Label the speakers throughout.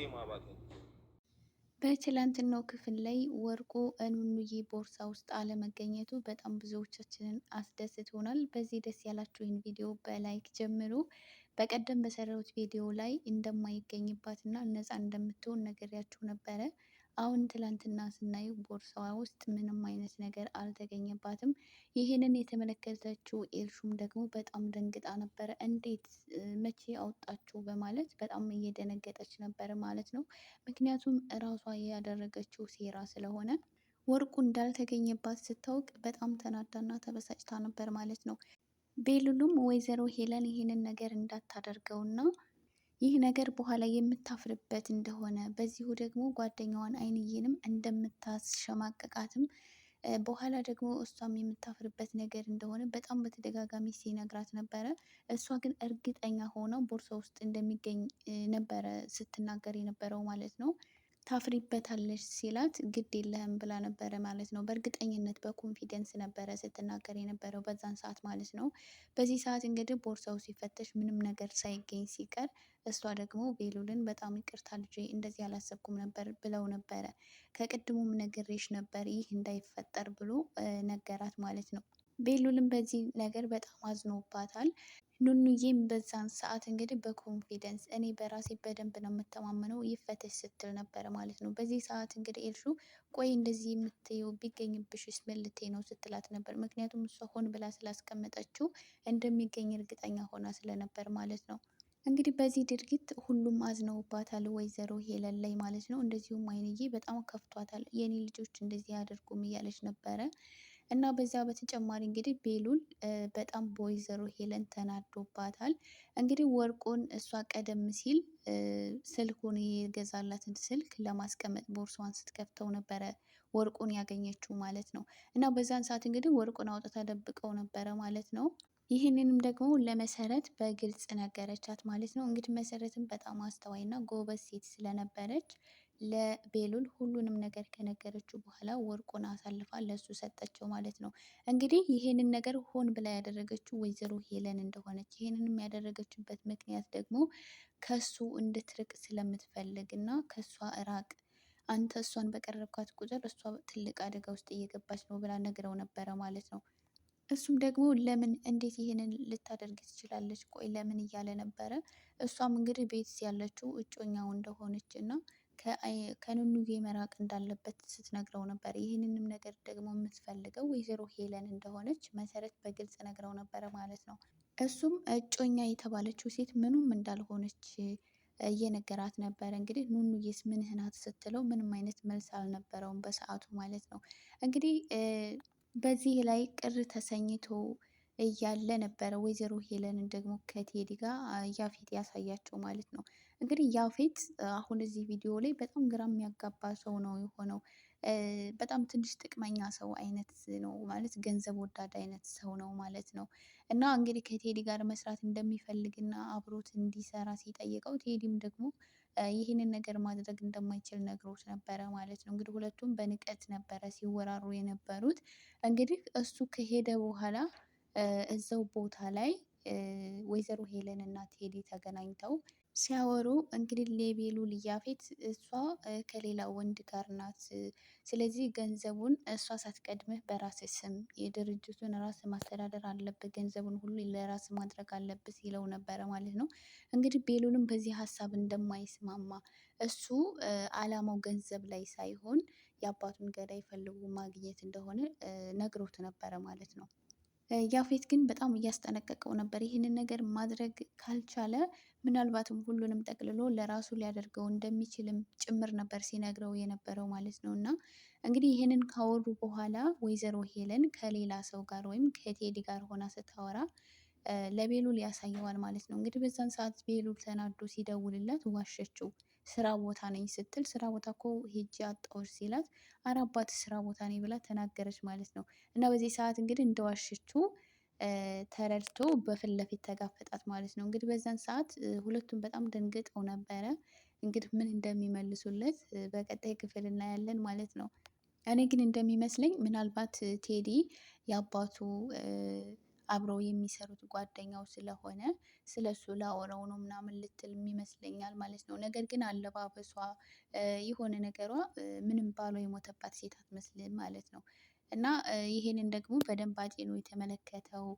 Speaker 1: ዜማ ባገኝ።
Speaker 2: በትላንትናው ክፍል ላይ ወርቁ እኑኑዬ ቦርሳ ውስጥ አለመገኘቱ በጣም ብዙዎቻችንን አስደስቶናል። በዚህ ደስ ያላችሁ ይህን ቪዲዮ በላይክ ጀምሩ። በቀደም በሰራሁት ቪዲዮ ላይ እንደማይገኝባት እና ነፃ እንደምትሆን ነግሬያችሁ ነበረ። አሁን ትላንትና ስናየው ቦርሳዋ ውስጥ ምንም አይነት ነገር አልተገኘባትም። ይህንን የተመለከተችው ኤልሹም ደግሞ በጣም ደንግጣ ነበረ። እንዴት መቼ አወጣችው በማለት በጣም እየደነገጠች ነበር ማለት ነው። ምክንያቱም እራሷ ያደረገችው ሴራ ስለሆነ ወርቁ እንዳልተገኘባት ስታውቅ በጣም ተናዳና ተበሳጭታ ነበር ማለት ነው። ቤሉሉም ወይዘሮ ሄለን ይህንን ነገር እንዳታደርገውና ይህ ነገር በኋላ የምታፍርበት እንደሆነ በዚሁ ደግሞ ጓደኛዋን አይንዬንም እንደምታስሸማቀቃትም በኋላ ደግሞ እሷም የምታፍርበት ነገር እንደሆነ በጣም በተደጋጋሚ ሲነግራት ነበረ። እሷ ግን እርግጠኛ ሆና ቦርሳ ውስጥ እንደሚገኝ ነበረ ስትናገር የነበረው ማለት ነው። ታፍሪበታለች ሲላት ግድ የለህም ብላ ነበረ ማለት ነው። በእርግጠኝነት በኮንፊደንስ ነበረ ስትናገር የነበረው በዛን ሰዓት ማለት ነው። በዚህ ሰዓት እንግዲህ ቦርሳው ሲፈተሽ ምንም ነገር ሳይገኝ ሲቀር እሷ ደግሞ ቤሉልን በጣም ይቅርታ ልጄ፣ እንደዚህ አላሰብኩም ነበር ብለው ነበረ። ከቅድሙም ነግሬሽ ነበር ይህ እንዳይፈጠር ብሎ ነገራት ማለት ነው። ቤሉልም በዚህ ነገር በጣም አዝኖባታል። ኑኑዬም በዛን ሰዓት እንግዲህ በኮንፊደንስ እኔ በራሴ በደንብ ነው የምተማመነው ይፈተሽ ስትል ነበረ ማለት ነው። በዚህ ሰዓት እንግዲህ ኤልሹ ቆይ እንደዚህ የምትየው ቢገኝብሽስ ምልቴ ነው ስትላት ነበር። ምክንያቱም እሷ ሆን ብላ ስላስቀመጠችው እንደሚገኝ እርግጠኛ ሆና ስለነበር ማለት ነው። እንግዲህ በዚህ ድርጊት ሁሉም አዝነውባታል፣ ወይዘሮ ሄለን ላይ ማለት ነው። እንደዚሁም አይንዬ በጣም ከፍቷታል። የኔ ልጆች እንደዚህ አድርጉም እያለች ነበረ እና በዚያ በተጨማሪ እንግዲህ ቤሉል በጣም በወይዘሮ ሄለን ተናዶባታል። እንግዲህ ወርቁን እሷ ቀደም ሲል ስልኩን የገዛላትን ስልክ ለማስቀመጥ ቦርሷን ስትከፍተው ነበረ ወርቁን ያገኘችው ማለት ነው። እና በዛን ሰዓት እንግዲህ ወርቁን አውጥታ ደብቀው ነበረ ማለት ነው። ይህንንም ደግሞ ለመሰረት በግልጽ ነገረቻት ማለት ነው። እንግዲህ መሰረትም በጣም እና ጎበዝ ሴት ስለነበረች ለቤሉል ሁሉንም ነገር ከነገረችው በኋላ ወርቁን አሳልፋ ለሱ ሰጠችው ማለት ነው። እንግዲህ ይሄንን ነገር ሆን ብላ ያደረገችው ወይዘሮ ሄለን እንደሆነች ይሄንንም ያደረገችበት ምክንያት ደግሞ ከሱ እንድትርቅ ስለምትፈልግ እና ከእሷ እራቅ አንተ እሷን በቀረብካት ቁጥር እሷ ትልቅ አደጋ ውስጥ እየገባች ነው ብላ ነግረው ነበረ ማለት ነው። እሱም ደግሞ ለምን እንዴት ይህንን ልታደርግ ትችላለች? ቆይ ለምን እያለ ነበረ። እሷም እንግዲህ ቤት ያለችው እጮኛው እንደሆነች እና ከኑኑዬ መራቅ እንዳለበት ስትነግረው ነበር። ይህንንም ነገር ደግሞ የምትፈልገው ወይዘሮ ሄለን እንደሆነች መሰረት በግልጽ ነግረው ነበረ ማለት ነው። እሱም እጮኛ የተባለችው ሴት ምኑም እንዳልሆነች እየነገራት ነበረ። እንግዲህ ኑኑዬስ ምን ህናት ስትለው ምንም አይነት መልስ አልነበረውም በሰዓቱ ማለት ነው። እንግዲህ በዚህ ላይ ቅር ተሰኝቶ እያለ ነበረ ወይዘሮ ሄለንን ደግሞ ከቴዲ ጋር ያፌት ያሳያቸው ማለት ነው። እንግዲህ ያፌት አሁን እዚህ ቪዲዮ ላይ በጣም ግራ የሚያጋባ ሰው ነው የሆነው። በጣም ትንሽ ጥቅመኛ ሰው አይነት ነው ማለት ገንዘብ ወዳድ አይነት ሰው ነው ማለት ነው። እና እንግዲህ ከቴዲ ጋር መስራት እንደሚፈልግና አብሮት እንዲሰራ ሲጠይቀው ቴዲም ደግሞ ይህንን ነገር ማድረግ እንደማይችል ነግሮት ነበረ ማለት ነው። እንግዲህ ሁለቱም በንቀት ነበረ ሲወራሩ የነበሩት። እንግዲህ እሱ ከሄደ በኋላ እዛው ቦታ ላይ ወይዘሮ ሄለን እና ቴዲ ተገናኝተው ሲያወሩ እንግዲህ ሌቤሉ ልያፌት እሷ ከሌላ ወንድ ጋር ናት። ስለዚህ ገንዘቡን እሷ ሳትቀድምህ በራስህ ስም የድርጅቱን ራስ ማስተዳደር አለብህ፣ ገንዘቡን ሁሉ ለራስ ማድረግ አለብህ ይለው ነበረ ማለት ነው። እንግዲህ ቤሉንም በዚህ ሀሳብ እንደማይስማማ እሱ አላማው ገንዘብ ላይ ሳይሆን የአባቱን ገዳይ ፈልጎ ማግኘት እንደሆነ ነግሮት ነበረ ማለት ነው። ያፌት ግን በጣም እያስጠነቀቀው ነበር። ይህንን ነገር ማድረግ ካልቻለ ምናልባትም ሁሉንም ጠቅልሎ ለራሱ ሊያደርገው እንደሚችልም ጭምር ነበር ሲነግረው የነበረው ማለት ነው። እና እንግዲህ ይህንን ካወሩ በኋላ ወይዘሮ ሄለን ከሌላ ሰው ጋር ወይም ከቴዲ ጋር ሆና ስታወራ ለቤሉል ያሳየዋል ማለት ነው። እንግዲህ በዛን ሰዓት ቤሉል ተናዶ ሲደውልላት ዋሸችው። ስራ ቦታ ነኝ ስትል ስራ ቦታ እኮ ሄጄ አጣሁሽ ሲላት አረ አባት ስራ ቦታ ነኝ ብላ ተናገረች ማለት ነው። እና በዚህ ሰዓት እንግዲህ እንደዋሸችው ተረድቶ በፊት ለፊት ተጋፈጣት ማለት ነው። እንግዲህ በዛን ሰዓት ሁለቱም በጣም ደንግጠው ነበረ። እንግዲህ ምን እንደሚመልሱለት በቀጣይ ክፍል እናያለን ማለት ነው። እኔ ግን እንደሚመስለኝ ምናልባት ቴዲ የአባቱ አብረው የሚሰሩት ጓደኛው ስለሆነ ስለሱ ላወራው ነው ምናምን ልትል ይመስለኛል ማለት ነው። ነገር ግን አለባበሷ የሆነ ነገሯ ምንም ባሏ የሞተባት ሴት አትመስልም ማለት ነው። እና ይሄንን ደግሞ በደንብ ነው የተመለከተው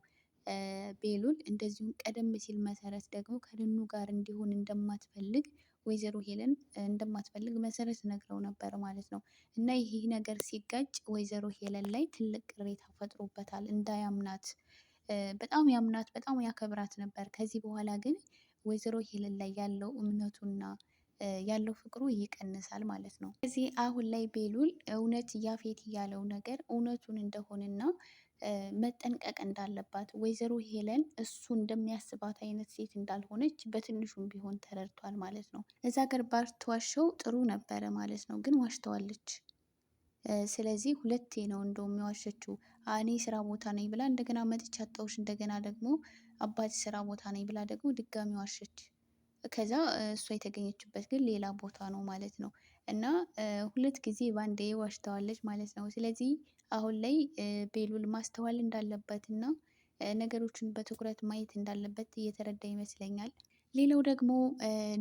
Speaker 2: ቤሉል እንደዚሁም ቀደም ሲል መሰረት ደግሞ ከልኑ ጋር እንዲሆን እንደማትፈልግ ወይዘሮ ሄለን እንደማትፈልግ መሰረት ነግረው ነበር ማለት ነው። እና ይሄ ነገር ሲጋጭ ወይዘሮ ሄለን ላይ ትልቅ ቅሬታ ፈጥሮበታል እንዳያምናት በጣም ያምናት በጣም ያከብራት ነበር። ከዚህ በኋላ ግን ወይዘሮ ሄለን ላይ ያለው እምነቱና ያለው ፍቅሩ ይቀንሳል ማለት ነው። ስለዚህ አሁን ላይ ቤሉል እውነት ያፌት ያለው ነገር እውነቱን እንደሆነና መጠንቀቅ እንዳለባት ወይዘሮ ሄለን እሱ እንደሚያስባት አይነት ሴት እንዳልሆነች በትንሹም ቢሆን ተረድቷል ማለት ነው። እዛ ገር ባትዋሸው ጥሩ ነበረ ማለት ነው፣ ግን ዋሽተዋለች። ስለዚህ ሁለቴ ነው እንደው የሚዋሸችው። እኔ ስራ ቦታ ነኝ ብላ እንደገና መጥቼ አጣሁሽ፣ እንደገና ደግሞ አባት ስራ ቦታ ነኝ ብላ ደግሞ ድጋሚ ዋሸች። ከዛ እሷ የተገኘችበት ግን ሌላ ቦታ ነው ማለት ነው። እና ሁለት ጊዜ ባንዴ ዋሽተዋለች ማለት ነው። ስለዚህ አሁን ላይ ቤሉል ማስተዋል እንዳለበት እና ነገሮችን በትኩረት ማየት እንዳለበት እየተረዳ ይመስለኛል። ሌላው ደግሞ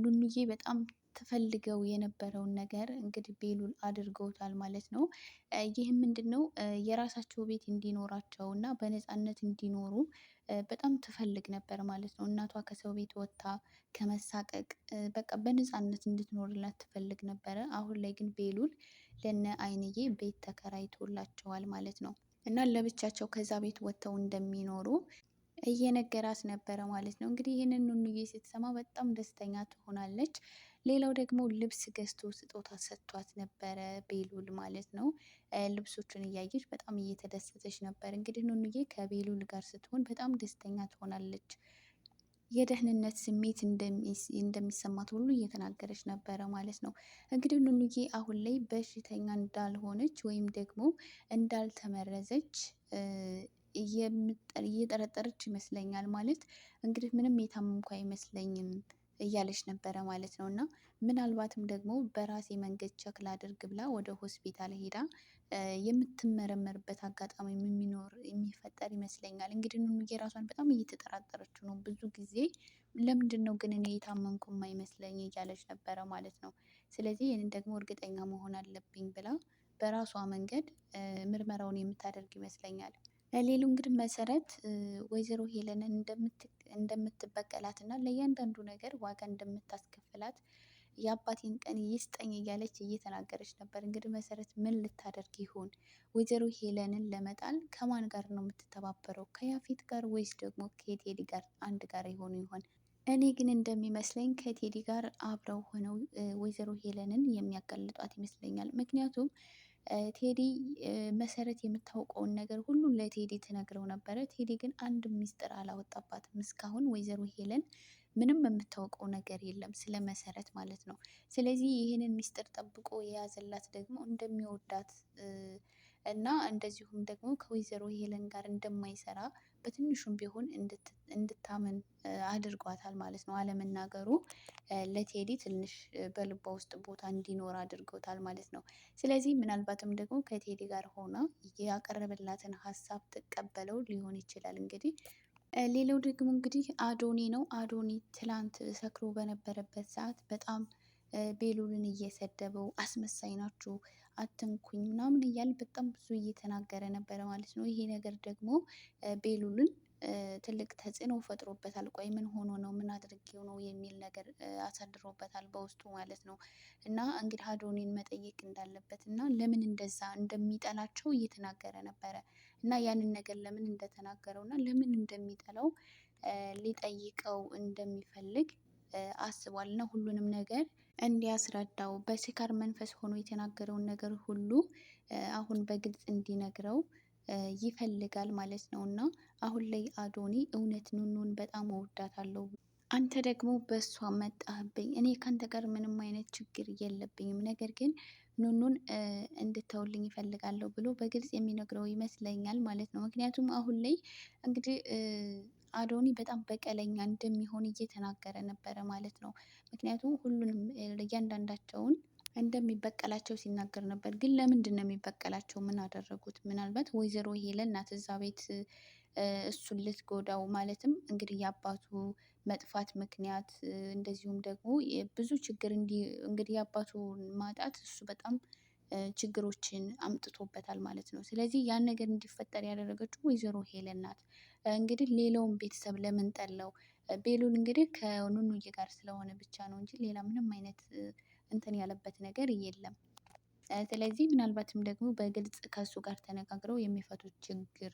Speaker 2: ኑኑዬ በጣም ትፈልገው የነበረውን ነገር እንግዲህ ቤሉል አድርገውታል ማለት ነው። ይህም ምንድን ነው የራሳቸው ቤት እንዲኖራቸው እና በነፃነት እንዲኖሩ በጣም ትፈልግ ነበር ማለት ነው። እናቷ ከሰው ቤት ወጥታ ከመሳቀቅ በቃ በነፃነት እንድትኖርላት ትፈልግ ነበረ። አሁን ላይ ግን ቤሉል ለነ አይንዬ ቤት ተከራይቶላቸዋል ማለት ነው። እና ለብቻቸው ከዛ ቤት ወጥተው እንደሚኖሩ እየነገራት ነበረ ማለት ነው። እንግዲህ ይህንን ኑኑዬ ስትሰማ በጣም ደስተኛ ትሆናለች። ሌላው ደግሞ ልብስ ገዝቶ ስጦታ ሰጥቷት ነበረ ቤሉል ማለት ነው። ልብሶቹን እያየች በጣም እየተደሰተች ነበር። እንግዲህ ኑኑዬ ከቤሉል ጋር ስትሆን በጣም ደስተኛ ትሆናለች። የደህንነት ስሜት እንደሚሰማት ሁሉ እየተናገረች ነበረ ማለት ነው። እንግዲህ ኑኑዬ አሁን ላይ በሽተኛ እንዳልሆነች ወይም ደግሞ እንዳልተመረዘች እየጠረጠረች ይመስለኛል። ማለት እንግዲህ ምንም የታመምኩ አይመስለኝም እያለች ነበረ ማለት ነው። እና ምናልባትም ደግሞ በራሴ መንገድ ቸክል አድርግ ብላ ወደ ሆስፒታል ሄዳ የምትመረመርበት አጋጣሚ የሚኖር የሚፈጠር ይመስለኛል። እንግዲህ ኑኑዬ ራሷን በጣም እየተጠራጠረችው ነው። ብዙ ጊዜ ለምንድን ነው ግን እኔ የታመምኩ የማይመስለኝ እያለች ነበረ ማለት ነው። ስለዚህ ይህንን ደግሞ እርግጠኛ መሆን አለብኝ ብላ በራሷ መንገድ ምርመራውን የምታደርግ ይመስለኛል። ሌሉ እንግዲህ መሰረት ወይዘሮ ሄለንን እንደምትበቀላት እና ለእያንዳንዱ ነገር ዋጋ እንደምታስከፍላት የአባቴን ቀን ይስጠኝ እያለች እየተናገረች ነበር። እንግዲህ መሰረት ምን ልታደርግ ይሆን? ወይዘሮ ሄለንን ለመጣል ከማን ጋር ነው የምትተባበረው? ከያፌት ጋር ወይስ ደግሞ ከቴዲ ጋር አንድ ጋር የሆኑ ይሆን? እኔ ግን እንደሚመስለኝ ከቴዲ ጋር አብረው ሆነው ወይዘሮ ሄለንን የሚያጋልጧት ይመስለኛል። ምክንያቱም ቴዲ መሰረት የምታውቀውን ነገር ሁሉ ለቴዲ ትነግረው ነበረ። ቴዲ ግን አንድ ሚስጥር አላወጣባትም እስካሁን ወይዘሮ ሄለን ምንም የምታውቀው ነገር የለም ስለ መሰረት ማለት ነው። ስለዚህ ይህንን ሚስጥር ጠብቆ የያዘላት ደግሞ እንደሚወዳት እና እንደዚሁም ደግሞ ከወይዘሮ ሄለን ጋር እንደማይሰራ በትንሹም ቢሆን እንድታምን አድርጓታል ማለት ነው። አለመናገሩ ለቴዲ ትንሽ በልቧ ውስጥ ቦታ እንዲኖር አድርጎታል ማለት ነው። ስለዚህ ምናልባትም ደግሞ ከቴዲ ጋር ሆና ያቀረበላትን ሀሳብ ትቀበለው ሊሆን ይችላል እንግዲህ ሌላው ደግሞ እንግዲህ አዶኒ ነው። አዶኒ ትላንት ሰክሮ በነበረበት ሰዓት በጣም ቤሉልን እየሰደበው አስመሳይ ናችሁ አትንኩኝ ምናምን እያለ በጣም ብዙ እየተናገረ ነበረ ማለት ነው። ይሄ ነገር ደግሞ ቤሉልን ትልቅ ተጽዕኖ ፈጥሮበታል። ቆይ ምን ሆኖ ነው ምን አድርጌው ነው የሚል ነገር አሳድሮበታል በውስጡ ማለት ነው። እና እንግዲህ አዶኔን መጠየቅ እንዳለበት እና ለምን እንደዛ እንደሚጠላቸው እየተናገረ ነበረ እና ያንን ነገር ለምን እንደተናገረው እና ለምን እንደሚጠላው ሊጠይቀው እንደሚፈልግ አስቧል እና ሁሉንም ነገር እንዲያስረዳው በስካር መንፈስ ሆኖ የተናገረውን ነገር ሁሉ አሁን በግልጽ እንዲነግረው ይፈልጋል ማለት ነው። እና አሁን ላይ አዶኒ እውነት ኑኑን በጣም እወዳታለሁ፣ አንተ ደግሞ በእሷ መጣህብኝ። እኔ ካንተ ጋር ምንም አይነት ችግር የለብኝም፣ ነገር ግን ኑኑን እንድተውልኝ ይፈልጋለሁ ብሎ በግልጽ የሚነግረው ይመስለኛል ማለት ነው። ምክንያቱም አሁን ላይ እንግዲህ አዶኒ በጣም በቀለኛ እንደሚሆን እየተናገረ ነበረ ማለት ነው። ምክንያቱም ሁሉንም እያንዳንዳቸውን እንደሚበቀላቸው ሲናገር ነበር። ግን ለምንድን ነው የሚበቀላቸው? ምን አደረጉት? ምናልባት ወይዘሮ ሄለን ናት እዛ ቤት እሱን ልትጎዳው ማለትም እንግዲህ የአባቱ መጥፋት ምክንያት እንደዚሁም ደግሞ ብዙ ችግር እንግዲህ የአባቱ ማጣት እሱ በጣም ችግሮችን አምጥቶበታል ማለት ነው። ስለዚህ ያን ነገር እንዲፈጠር ያደረገችው ወይዘሮ ሄለን ናት። እንግዲህ ሌላውን ቤተሰብ ለምን ጠላው? ቤሉል እንግዲህ ከኑኑዬ ጋር ስለሆነ ብቻ ነው እንጂ ሌላ ምንም አይነት እንትን ያለበት ነገር የለም። ስለዚህ ምናልባትም ደግሞ በግልጽ ከእሱ ጋር ተነጋግረው የሚፈቱት ችግር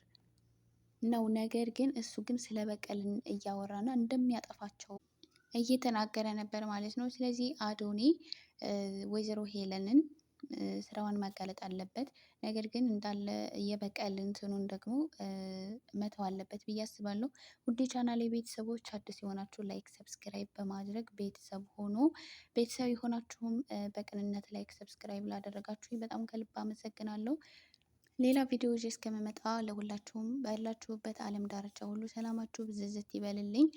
Speaker 2: ነው። ነገር ግን እሱ ግን ስለ በቀል እያወራና እንደሚያጠፋቸው እየተናገረ ነበር ማለት ነው። ስለዚህ አዶኒ ወይዘሮ ሄለንን ስራዋን ማጋለጥ አለበት። ነገር ግን እንዳለ የበቀል እንትኑን ደግሞ መተው አለበት ብዬ አስባለሁ። ውድ ቻናል ቤተሰቦች አዲስ የሆናችሁ ላይክ፣ ሰብስክራይብ በማድረግ ቤተሰብ ሆኖ ቤተሰብ የሆናችሁም በቅንነት ላይክ፣ ሰብስክራይብ ላደረጋችሁ በጣም ከልብ አመሰግናለሁ። ሌላ ቪዲዮ ይዤ እስከምመጣ ለሁላችሁም ባላችሁበት ዓለም ዳርቻ ሁሉ ሰላማችሁ ብዝዝት ይበልልኝ።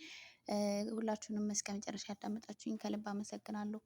Speaker 2: ሁላችሁንም እስከ መጨረሻ ያዳመጣችሁኝ ከልብ አመሰግናለሁ።